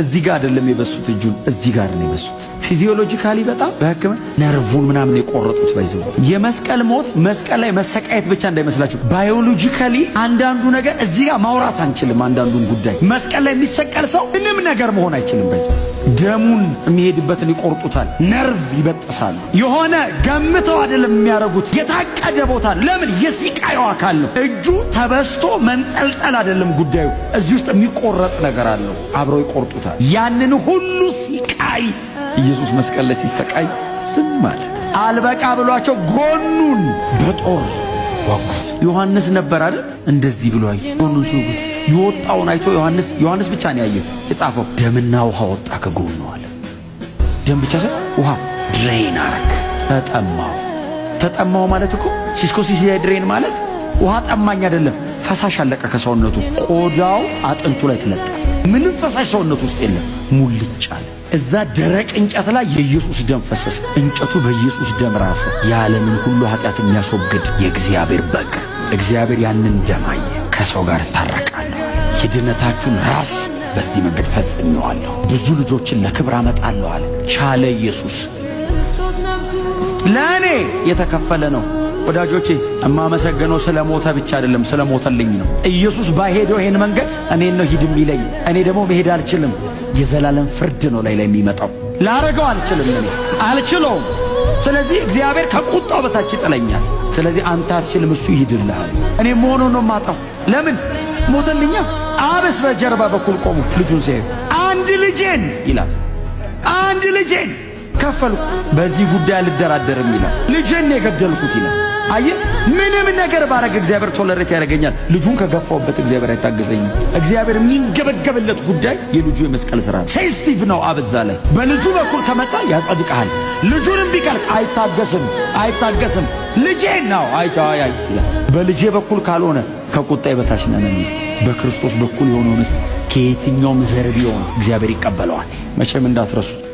እዚህ ጋር አይደለም የበሱት፣ እጁን እዚህ ጋር ነው የበሱት። ፊዚዮሎጂካሊ በጣም በሕክምና ነርቡን ምናምን የቆረጡት ባይዘው የመስቀል ሞት መስቀል ላይ መሰቃየት ብቻ እንዳይመስላችሁ። ባዮሎጂካሊ አንዳንዱ ነገር እዚህ ጋር ማውራት አንችልም። አንዳንዱን ጉዳይ መስቀል ላይ የሚሰቀል ሰው ምንም ነገር መሆን አይችልም ባይዘው ደሙን የሚሄድበትን ይቆርጡታል፣ ነርቭ ይበጥሳሉ። የሆነ ገምተው አይደለም የሚያደርጉት፣ የታቀደ ቦታ ለምን የሲቃዩ አካል ነው። እጁ ተበስቶ መንጠልጠል አይደለም ጉዳዩ፣ እዚህ ውስጥ የሚቆረጥ ነገር አለው። አብረው ይቆርጡታል። ያንን ሁሉ ሲቃይ ኢየሱስ መስቀል ላይ ሲሰቃይ ዝም አለ። አልበቃ ብሏቸው ጎኑን በጦር ወጉት። ዮሐንስ ነበር አይደል እንደዚህ ብሎ አየ ጎኑን የወጣውን አይቶ ዮሐንስ ዮሐንስ ብቻ ነው ያየው የጻፈው። ደምና ውሃ ወጣ ከጎኑ አለ። ደም ብቻ ሳይሆን ውሃ ድሬን አረክ። ተጠማው ተጠማው ማለት እኮ ሲስኮ ሲሲ ድሬን ማለት ውሃ ጠማኝ አይደለም፣ ፈሳሽ አለቀ ከሰውነቱ ቆዳው አጥንቱ ላይ ተለጠፈ። ምንም ፈሳሽ ሰውነቱ ውስጥ የለም፣ ሙልጭ አለ። እዛ ደረቅ እንጨት ላይ የኢየሱስ ደም ፈሰሰ። እንጨቱ በኢየሱስ ደም ራሰ። የዓለምን ሁሉ ኃጢአት የሚያስወግድ የእግዚአብሔር በግ። እግዚአብሔር ያንን ደም አየ። ከሰው ጋር እታረቃለሁ። የድነታችሁን ራስ በዚህ መንገድ ፈጽሜዋለሁ። ብዙ ልጆችን ለክብር አመጣለሁ አለ። ቻለ ኢየሱስ ለእኔ የተከፈለ ነው። ወዳጆቼ እማመሰገነው ስለ ሞተ ብቻ አይደለም፣ ስለ ሞተልኝ ነው። ኢየሱስ ባሄደው ይሄን መንገድ እኔን ነው ሂድ የሚለኝ፣ እኔ ደግሞ መሄድ አልችልም። የዘላለም ፍርድ ነው ላይ ላይ የሚመጣው ላረገው አልችልም፣ እኔ አልችለውም። ስለዚህ እግዚአብሔር ከቁጣው በታች ይጥለኛል። ስለዚህ አንተ አትችልም፣ እሱ ይሂድልሃል። እኔ መሆኑን ነው የማጣው ለምን ሞተልኛ? አበስ በጀርባ በኩል ቆሙ ልጁን ሲያዩ አንድ ልጄን ይላል፣ አንድ ልጄን ከፈልኩ፣ በዚህ ጉዳይ አልደራደርም ይላል። ልጄን የገደልኩት ይላል። አየህ፣ ምንም ነገር ባረግ እግዚአብሔር ቶለሬት ያደርገኛል። ልጁን ከገፋውበት እግዚአብሔር አይታገሰኝም። እግዚአብሔር የሚንገበገብለት ጉዳይ የልጁ የመስቀል ስራ ነው። ሴንስቲቭ ነው። አበዛ ላይ በልጁ በኩል ከመጣ ያጸድቀሃል። ልጁንም ቢቀልቅ አይታገስም፣ አይታገስም ልጄን ነው አይታያ በልጄ በኩል ካልሆነ ከቁጣይ በታች ነን። በክርስቶስ በኩል የሆነውንስ ከየትኛውም ዘር ቢሆን እግዚአብሔር ይቀበለዋል። መቼም እንዳትረሱት።